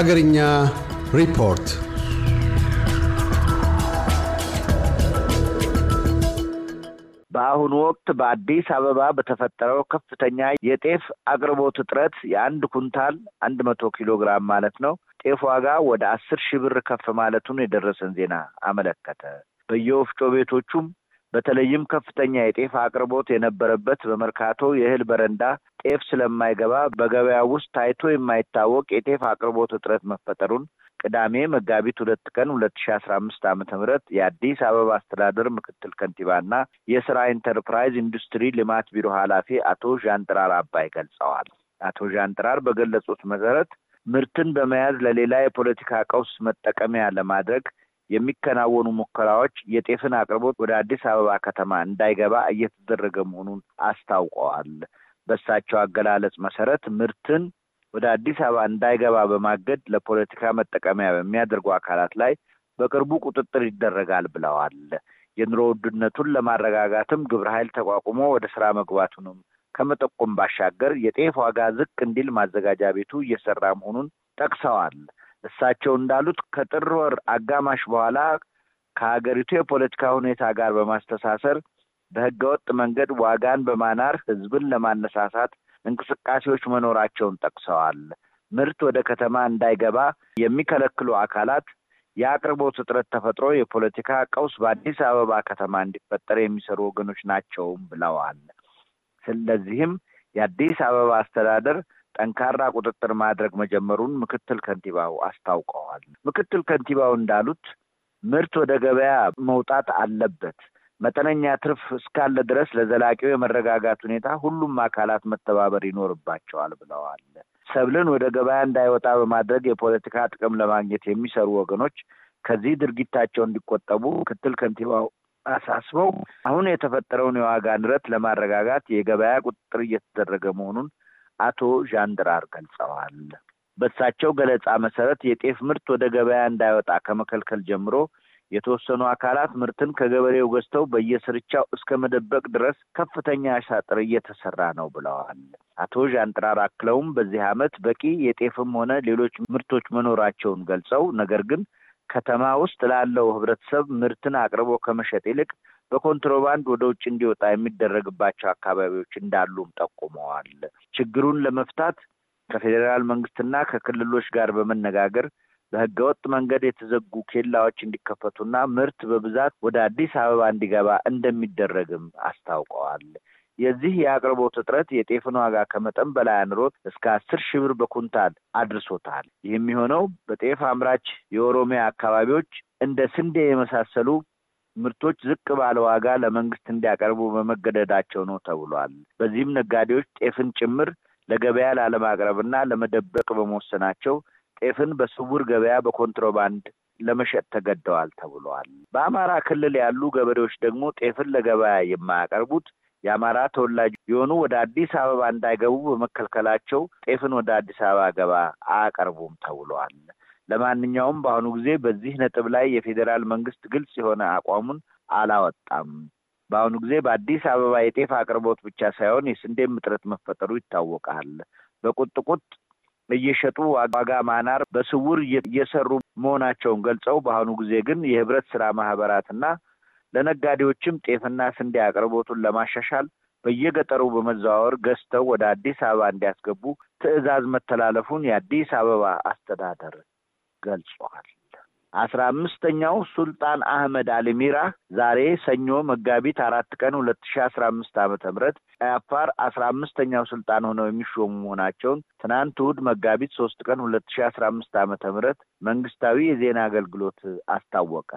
ሀገርኛ ሪፖርት በአሁኑ ወቅት በአዲስ አበባ በተፈጠረው ከፍተኛ የጤፍ አቅርቦት እጥረት የአንድ ኩንታል አንድ መቶ ኪሎ ግራም ማለት ነው ጤፍ ዋጋ ወደ አስር ሺህ ብር ከፍ ማለቱን የደረሰን ዜና አመለከተ። በየወፍጮ ቤቶቹም በተለይም ከፍተኛ የጤፍ አቅርቦት የነበረበት በመርካቶ የእህል በረንዳ ጤፍ ስለማይገባ በገበያ ውስጥ ታይቶ የማይታወቅ የጤፍ አቅርቦት እጥረት መፈጠሩን ቅዳሜ መጋቢት ሁለት ቀን ሁለት ሺ አስራ አምስት ዓመተ ምህረት የአዲስ አበባ አስተዳደር ምክትል ከንቲባና የስራ ኢንተርፕራይዝ ኢንዱስትሪ ልማት ቢሮ ኃላፊ አቶ ዣንጥራር አባይ ገልጸዋል። አቶ ዣንጥራር በገለጹት መሰረት ምርትን በመያዝ ለሌላ የፖለቲካ ቀውስ መጠቀሚያ ለማድረግ የሚከናወኑ ሙከራዎች የጤፍን አቅርቦት ወደ አዲስ አበባ ከተማ እንዳይገባ እየተደረገ መሆኑን አስታውቀዋል። በእሳቸው አገላለጽ መሰረት ምርትን ወደ አዲስ አበባ እንዳይገባ በማገድ ለፖለቲካ መጠቀሚያ በሚያደርጉ አካላት ላይ በቅርቡ ቁጥጥር ይደረጋል ብለዋል። የኑሮ ውድነቱን ለማረጋጋትም ግብረ ኃይል ተቋቁሞ ወደ ስራ መግባቱንም ከመጠቆም ባሻገር የጤፍ ዋጋ ዝቅ እንዲል ማዘጋጃ ቤቱ እየሰራ መሆኑን ጠቅሰዋል። እሳቸው እንዳሉት ከጥር ወር አጋማሽ በኋላ ከሀገሪቱ የፖለቲካ ሁኔታ ጋር በማስተሳሰር በህገወጥ መንገድ ዋጋን በማናር ህዝብን ለማነሳሳት እንቅስቃሴዎች መኖራቸውን ጠቅሰዋል። ምርት ወደ ከተማ እንዳይገባ የሚከለክሉ አካላት፣ የአቅርቦት እጥረት ተፈጥሮ የፖለቲካ ቀውስ በአዲስ አበባ ከተማ እንዲፈጠር የሚሰሩ ወገኖች ናቸውም ብለዋል። ስለዚህም የአዲስ አበባ አስተዳደር ጠንካራ ቁጥጥር ማድረግ መጀመሩን ምክትል ከንቲባው አስታውቀዋል። ምክትል ከንቲባው እንዳሉት ምርት ወደ ገበያ መውጣት አለበት። መጠነኛ ትርፍ እስካለ ድረስ ለዘላቂው የመረጋጋት ሁኔታ ሁሉም አካላት መተባበር ይኖርባቸዋል ብለዋል። ሰብልን ወደ ገበያ እንዳይወጣ በማድረግ የፖለቲካ ጥቅም ለማግኘት የሚሰሩ ወገኖች ከዚህ ድርጊታቸው እንዲቆጠቡ ምክትል ከንቲባው አሳስበው አሁን የተፈጠረውን የዋጋ ንረት ለማረጋጋት የገበያ ቁጥጥር እየተደረገ መሆኑን አቶ ዣንድራር ገልጸዋል። በእሳቸው ገለጻ መሰረት የጤፍ ምርት ወደ ገበያ እንዳይወጣ ከመከልከል ጀምሮ የተወሰኑ አካላት ምርትን ከገበሬው ገዝተው በየስርቻው እስከ መደበቅ ድረስ ከፍተኛ አሻጥር እየተሰራ ነው ብለዋል። አቶ ዣንጥራር አክለውም በዚህ ዓመት በቂ የጤፍም ሆነ ሌሎች ምርቶች መኖራቸውን ገልጸው ነገር ግን ከተማ ውስጥ ላለው ህብረተሰብ ምርትን አቅርቦ ከመሸጥ ይልቅ በኮንትሮባንድ ወደ ውጭ እንዲወጣ የሚደረግባቸው አካባቢዎች እንዳሉም ጠቁመዋል። ችግሩን ለመፍታት ከፌዴራል መንግስትና ከክልሎች ጋር በመነጋገር በህገወጥ መንገድ የተዘጉ ኬላዎች እንዲከፈቱና ምርት በብዛት ወደ አዲስ አበባ እንዲገባ እንደሚደረግም አስታውቀዋል። የዚህ የአቅርቦት እጥረት የጤፍን ዋጋ ከመጠን በላይ አንሮት እስከ አስር ሺህ ብር በኩንታል አድርሶታል። ይህ የሚሆነው በጤፍ አምራች የኦሮሚያ አካባቢዎች እንደ ስንዴ የመሳሰሉ ምርቶች ዝቅ ባለ ዋጋ ለመንግስት እንዲያቀርቡ በመገደዳቸው ነው ተብሏል። በዚህም ነጋዴዎች ጤፍን ጭምር ለገበያ ላለማቅረብና ለመደበቅ በመወሰናቸው ጤፍን በስውር ገበያ በኮንትሮባንድ ለመሸጥ ተገደዋል ተብሏል። በአማራ ክልል ያሉ ገበሬዎች ደግሞ ጤፍን ለገበያ የማያቀርቡት የአማራ ተወላጅ የሆኑ ወደ አዲስ አበባ እንዳይገቡ በመከልከላቸው ጤፍን ወደ አዲስ አበባ ገባ አያቀርቡም ተብሏል። ለማንኛውም በአሁኑ ጊዜ በዚህ ነጥብ ላይ የፌዴራል መንግስት ግልጽ የሆነ አቋሙን አላወጣም። በአሁኑ ጊዜ በአዲስ አበባ የጤፍ አቅርቦት ብቻ ሳይሆን የስንዴም እጥረት መፈጠሩ ይታወቃል። በቁጥቁጥ እየሸጡ ዋጋ ማናር በስውር እየሰሩ መሆናቸውን ገልጸው በአሁኑ ጊዜ ግን የህብረት ስራ ማህበራትና ለነጋዴዎችም ጤፍና ስንዴ አቅርቦቱን ለማሻሻል በየገጠሩ በመዘዋወር ገዝተው ወደ አዲስ አበባ እንዲያስገቡ ትዕዛዝ መተላለፉን የአዲስ አበባ አስተዳደር ገልጿል። አስራ አምስተኛው ሱልጣን አህመድ አልሚራ ዛሬ ሰኞ መጋቢት አራት ቀን ሁለት ሺ አስራ አምስት ዓመተ ምህረት አፋር አስራ አምስተኛው ሱልጣን ሆነው የሚሾሙ መሆናቸውን ትናንት እሁድ መጋቢት ሶስት ቀን ሁለት ሺ አስራ አምስት ዓመተ ምህረት መንግስታዊ የዜና አገልግሎት አስታወቀ።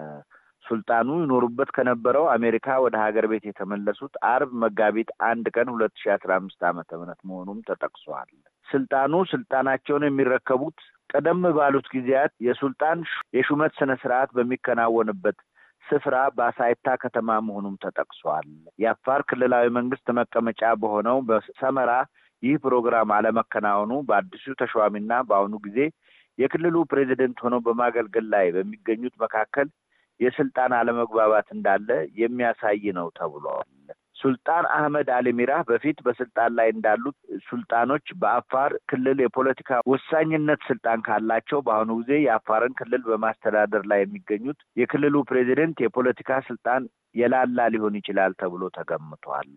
ስልጣኑ ይኖሩበት ከነበረው አሜሪካ ወደ ሀገር ቤት የተመለሱት አርብ መጋቢት አንድ ቀን ሁለት ሺ አስራ አምስት ዓመተ ምህረት መሆኑም ተጠቅሷል። ስልጣኑ ስልጣናቸውን የሚረከቡት ቀደም ባሉት ጊዜያት የሱልጣን የሹመት ስነ ስርዓት በሚከናወንበት ስፍራ በአሳይታ ከተማ መሆኑም ተጠቅሷል። የአፋር ክልላዊ መንግስት መቀመጫ በሆነው በሰመራ ይህ ፕሮግራም አለመከናወኑ በአዲሱ ተሿሚና በአሁኑ ጊዜ የክልሉ ፕሬዚደንት ሆነው በማገልገል ላይ በሚገኙት መካከል የስልጣን አለመግባባት እንዳለ የሚያሳይ ነው ተብሏል። ሱልጣን አህመድ አሊሚራ በፊት በስልጣን ላይ እንዳሉት ሱልጣኖች በአፋር ክልል የፖለቲካ ወሳኝነት ስልጣን ካላቸው በአሁኑ ጊዜ የአፋርን ክልል በማስተዳደር ላይ የሚገኙት የክልሉ ፕሬዚደንት የፖለቲካ ስልጣን የላላ ሊሆን ይችላል ተብሎ ተገምቷል።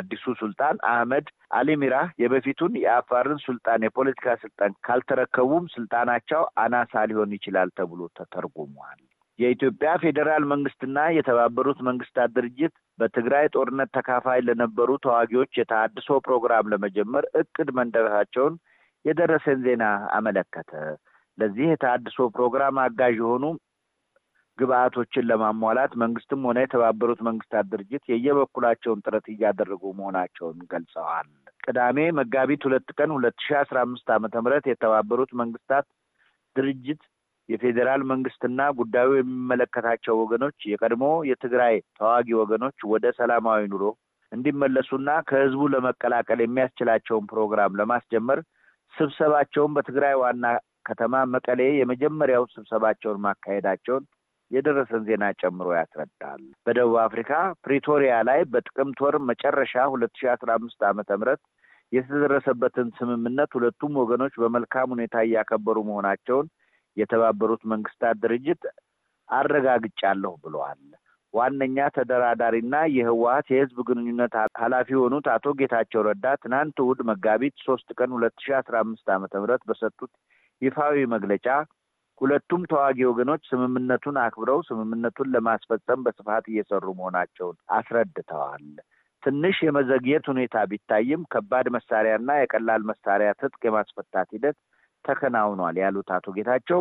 አዲሱ ሱልጣን አህመድ አሊሚራህ የበፊቱን የአፋርን ሱልጣን የፖለቲካ ስልጣን ካልተረከቡም ስልጣናቸው አናሳ ሊሆን ይችላል ተብሎ ተተርጉሟል። የኢትዮጵያ ፌዴራል መንግስትና የተባበሩት መንግስታት ድርጅት በትግራይ ጦርነት ተካፋይ ለነበሩ ተዋጊዎች የተሃድሶ ፕሮግራም ለመጀመር እቅድ መንደረሳቸውን የደረሰን ዜና አመለከተ። ለዚህ የተሃድሶ ፕሮግራም አጋዥ የሆኑ ግብአቶችን ለማሟላት መንግስትም ሆነ የተባበሩት መንግስታት ድርጅት የየበኩላቸውን ጥረት እያደረጉ መሆናቸውን ገልጸዋል። ቅዳሜ መጋቢት ሁለት ቀን ሁለት ሺ አስራ አምስት ዓመተ ምህረት የተባበሩት መንግስታት ድርጅት የፌዴራል መንግስትና ጉዳዩ የሚመለከታቸው ወገኖች የቀድሞ የትግራይ ተዋጊ ወገኖች ወደ ሰላማዊ ኑሮ እንዲመለሱና ከህዝቡ ለመቀላቀል የሚያስችላቸውን ፕሮግራም ለማስጀመር ስብሰባቸውን በትግራይ ዋና ከተማ መቀሌ የመጀመሪያው ስብሰባቸውን ማካሄዳቸውን የደረሰን ዜና ጨምሮ ያስረዳል። በደቡብ አፍሪካ ፕሪቶሪያ ላይ በጥቅምት ወር መጨረሻ ሁለት ሺ አስራ አምስት ዓመተ ምህረት የተደረሰበትን ስምምነት ሁለቱም ወገኖች በመልካም ሁኔታ እያከበሩ መሆናቸውን የተባበሩት መንግስታት ድርጅት አረጋግጫለሁ ብለዋል። ዋነኛ ተደራዳሪና የህወሀት የህዝብ ግንኙነት ኃላፊ የሆኑት አቶ ጌታቸው ረዳ ትናንት እሑድ መጋቢት ሶስት ቀን ሁለት ሺ አስራ አምስት ዓመተ ምህረት በሰጡት ይፋዊ መግለጫ ሁለቱም ተዋጊ ወገኖች ስምምነቱን አክብረው ስምምነቱን ለማስፈጸም በስፋት እየሰሩ መሆናቸውን አስረድተዋል። ትንሽ የመዘግየት ሁኔታ ቢታይም ከባድ መሳሪያና የቀላል መሳሪያ ትጥቅ የማስፈታት ሂደት ተከናውኗል ያሉት አቶ ጌታቸው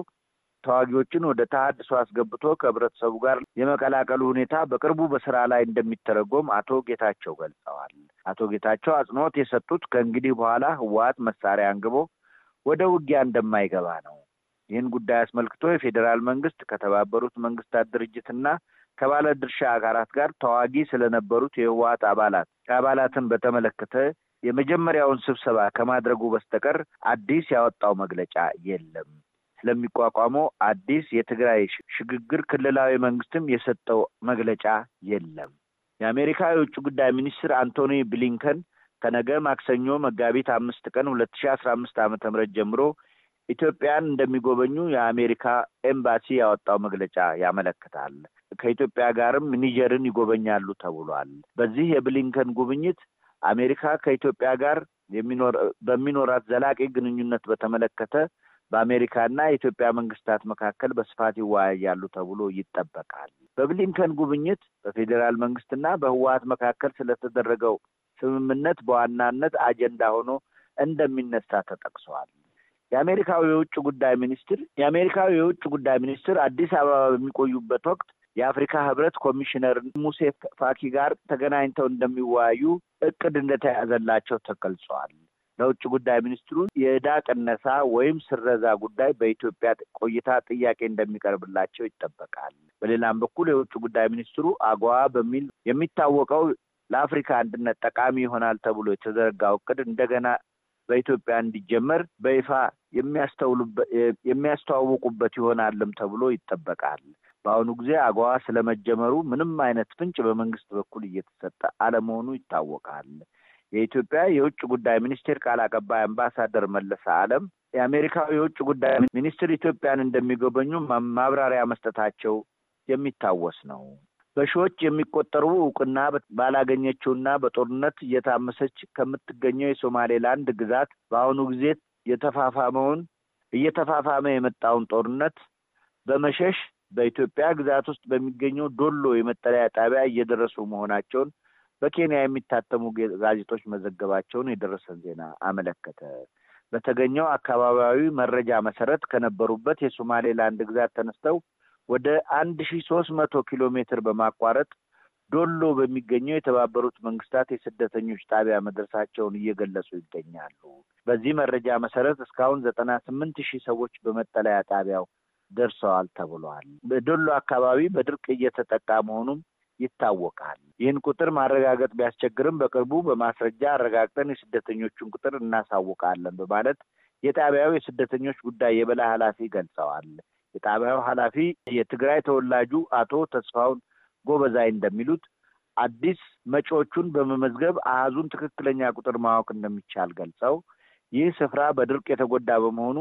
ተዋጊዎችን ወደ ተሀድሶ አስገብቶ ከህብረተሰቡ ጋር የመቀላቀሉ ሁኔታ በቅርቡ በስራ ላይ እንደሚተረጎም አቶ ጌታቸው ገልጸዋል። አቶ ጌታቸው አጽንኦት የሰጡት ከእንግዲህ በኋላ ህወሀት መሳሪያ አንግቦ ወደ ውጊያ እንደማይገባ ነው። ይህን ጉዳይ አስመልክቶ የፌዴራል መንግስት ከተባበሩት መንግስታት ድርጅትና ከባለ ድርሻ አካላት ጋር ተዋጊ ስለነበሩት የህወሀት አባላት አባላትን በተመለከተ የመጀመሪያውን ስብሰባ ከማድረጉ በስተቀር አዲስ ያወጣው መግለጫ የለም። ስለሚቋቋመው አዲስ የትግራይ ሽግግር ክልላዊ መንግስትም የሰጠው መግለጫ የለም። የአሜሪካ የውጭ ጉዳይ ሚኒስትር አንቶኒ ብሊንከን ከነገ ማክሰኞ መጋቢት አምስት ቀን ሁለት ሺ አስራ አምስት ዓመተ ምህረት ጀምሮ ኢትዮጵያን እንደሚጎበኙ የአሜሪካ ኤምባሲ ያወጣው መግለጫ ያመለክታል። ከኢትዮጵያ ጋርም ኒጀርን ይጎበኛሉ ተብሏል። በዚህ የብሊንከን ጉብኝት አሜሪካ ከኢትዮጵያ ጋር በሚኖራት ዘላቂ ግንኙነት በተመለከተ በአሜሪካና የኢትዮጵያ መንግስታት መካከል በስፋት ይወያያሉ ተብሎ ይጠበቃል። በብሊንከን ጉብኝት በፌዴራል መንግስትና በህወሀት መካከል ስለተደረገው ስምምነት በዋናነት አጀንዳ ሆኖ እንደሚነሳ ተጠቅሰዋል። የአሜሪካው የውጭ ጉዳይ ሚኒስትር የአሜሪካው የውጭ ጉዳይ ሚኒስትር አዲስ አበባ በሚቆዩበት ወቅት የአፍሪካ ህብረት ኮሚሽነር ሙሴ ፋኪ ጋር ተገናኝተው እንደሚወያዩ እቅድ እንደተያዘላቸው ተገልጸዋል። ለውጭ ጉዳይ ሚኒስትሩ የዕዳ ቅነሳ ወይም ስረዛ ጉዳይ በኢትዮጵያ ቆይታ ጥያቄ እንደሚቀርብላቸው ይጠበቃል። በሌላም በኩል የውጭ ጉዳይ ሚኒስትሩ አጓ በሚል የሚታወቀው ለአፍሪካ አንድነት ጠቃሚ ይሆናል ተብሎ የተዘረጋው እቅድ እንደገና በኢትዮጵያ እንዲጀመር በይፋ የሚያስተዋውቁበት ይሆናልም ተብሎ ይጠበቃል። በአሁኑ ጊዜ አገዋ ስለመጀመሩ ምንም አይነት ፍንጭ በመንግስት በኩል እየተሰጠ አለመሆኑ ይታወቃል። የኢትዮጵያ የውጭ ጉዳይ ሚኒስቴር ቃል አቀባይ አምባሳደር መለሰ አለም የአሜሪካው የውጭ ጉዳይ ሚኒስትር ኢትዮጵያን እንደሚጎበኙ ማብራሪያ መስጠታቸው የሚታወስ ነው። በሺዎች የሚቆጠሩ እውቅና ባላገኘችውና በጦርነት እየታመሰች ከምትገኘው የሶማሌላንድ ግዛት በአሁኑ ጊዜ የተፋፋመውን እየተፋፋመ የመጣውን ጦርነት በመሸሽ በኢትዮጵያ ግዛት ውስጥ በሚገኘው ዶሎ የመጠለያ ጣቢያ እየደረሱ መሆናቸውን በኬንያ የሚታተሙ ጋዜጦች መዘገባቸውን የደረሰን ዜና አመለከተ። በተገኘው አካባቢያዊ መረጃ መሰረት ከነበሩበት የሶማሌላንድ ግዛት ተነስተው ወደ አንድ ሺ ሶስት መቶ ኪሎ ሜትር በማቋረጥ ዶሎ በሚገኘው የተባበሩት መንግስታት የስደተኞች ጣቢያ መድረሳቸውን እየገለጹ ይገኛሉ። በዚህ መረጃ መሰረት እስካሁን ዘጠና ስምንት ሺህ ሰዎች በመጠለያ ጣቢያው ደርሰዋል ተብሏል። በዶሎ አካባቢ በድርቅ እየተጠቃ መሆኑም ይታወቃል። ይህን ቁጥር ማረጋገጥ ቢያስቸግርም በቅርቡ በማስረጃ አረጋግጠን የስደተኞቹን ቁጥር እናሳውቃለን በማለት የጣቢያው የስደተኞች ጉዳይ የበላይ ኃላፊ ገልጸዋል። የጣቢያው ኃላፊ የትግራይ ተወላጁ አቶ ተስፋውን ጎበዛይ እንደሚሉት አዲስ መጪዎቹን በመመዝገብ አሃዙን ትክክለኛ ቁጥር ማወቅ እንደሚቻል ገልጸው ይህ ስፍራ በድርቅ የተጎዳ በመሆኑ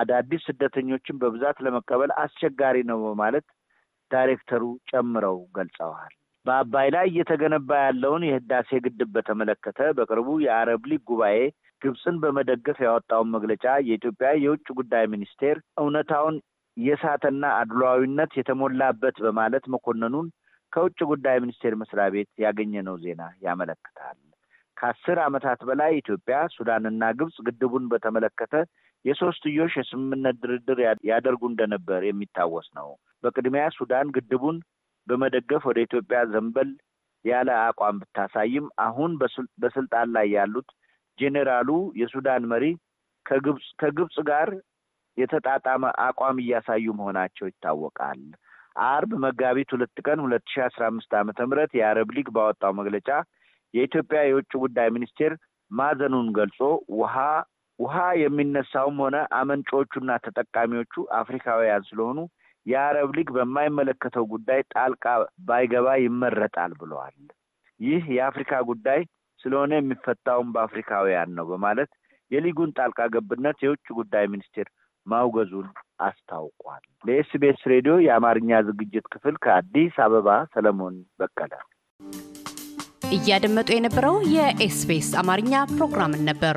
አዳዲስ ስደተኞችን በብዛት ለመቀበል አስቸጋሪ ነው በማለት ዳይሬክተሩ ጨምረው ገልጸዋል። በአባይ ላይ እየተገነባ ያለውን የህዳሴ ግድብ በተመለከተ በቅርቡ የአረብ ሊግ ጉባኤ ግብፅን በመደገፍ ያወጣውን መግለጫ የኢትዮጵያ የውጭ ጉዳይ ሚኒስቴር እውነታውን የሳተና አድሏዊነት የተሞላበት በማለት መኮንኑን ከውጭ ጉዳይ ሚኒስቴር መስሪያ ቤት ያገኘነው ዜና ያመለክታል። ከአስር ዓመታት በላይ ኢትዮጵያ፣ ሱዳንና ግብፅ ግድቡን በተመለከተ የሶስትዮሽ የስምምነት ድርድር ያደርጉ እንደነበር የሚታወስ ነው። በቅድሚያ ሱዳን ግድቡን በመደገፍ ወደ ኢትዮጵያ ዘንበል ያለ አቋም ብታሳይም አሁን በስልጣን ላይ ያሉት ጄኔራሉ የሱዳን መሪ ከግብፅ ጋር የተጣጣመ አቋም እያሳዩ መሆናቸው ይታወቃል። አርብ መጋቢት ሁለት ቀን ሁለት ሺ አስራ አምስት ዓመተ ምህረት የአረብ ሊግ ባወጣው መግለጫ የኢትዮጵያ የውጭ ጉዳይ ሚኒስቴር ማዘኑን ገልጾ ውሃ ውሃ የሚነሳውም ሆነ አመንጮቹና ተጠቃሚዎቹ አፍሪካውያን ስለሆኑ የአረብ ሊግ በማይመለከተው ጉዳይ ጣልቃ ባይገባ ይመረጣል ብለዋል። ይህ የአፍሪካ ጉዳይ ስለሆነ የሚፈታውም በአፍሪካውያን ነው በማለት የሊጉን ጣልቃ ገብነት የውጭ ጉዳይ ሚኒስቴር ማውገዙን አስታውቋል። ለኤስቢኤስ ሬዲዮ የአማርኛ ዝግጅት ክፍል ከአዲስ አበባ ሰለሞን በቀለ። እያደመጡ የነበረው የኤስቢኤስ አማርኛ ፕሮግራምን ነበር።